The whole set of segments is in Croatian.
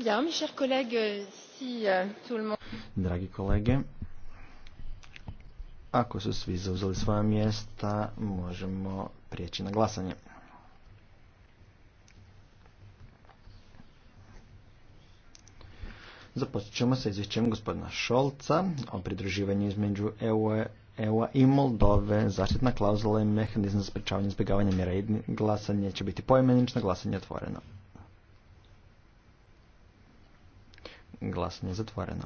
Euh, Dragi kolege, ako su svi zauzeli svoja mjesta, možemo prijeći na glasanje. Započet ćemo sa izvješćem gospodina Šolca o pridruživanju između EU-a e, e i Moldove, zaštitna klauzula i mehanizam za sprečavanje izbjegavanja mjera i glasanje će biti poimenično, glasanje otvoreno. Glasanje zatvoreno.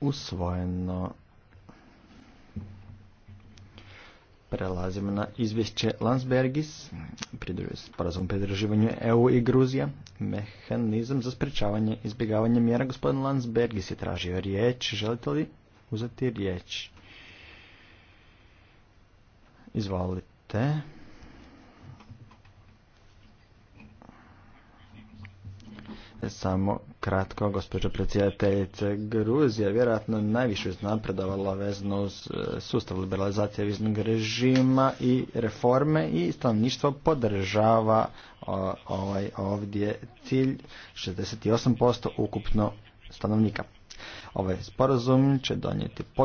Usvojeno. Prelazimo na izvješće Landsbergis, pridružuje se porazom pridruživanju EU i Gruzija. Mehanizam za sprečavanje izbjegavanje mjera gospodin Landsbergis je tražio riječ. Želite li uzeti riječ? Izvolite. Samo kratko, gospođo predsjedateljice, Gruzija vjerojatno najviše napredovala vezno uz e, sustav liberalizacije viznog režima i reforme i stanovništvo podržava ovaj ovdje cilj 68% ukupno stanovnika. Ovaj sporazum će donijeti pozitivno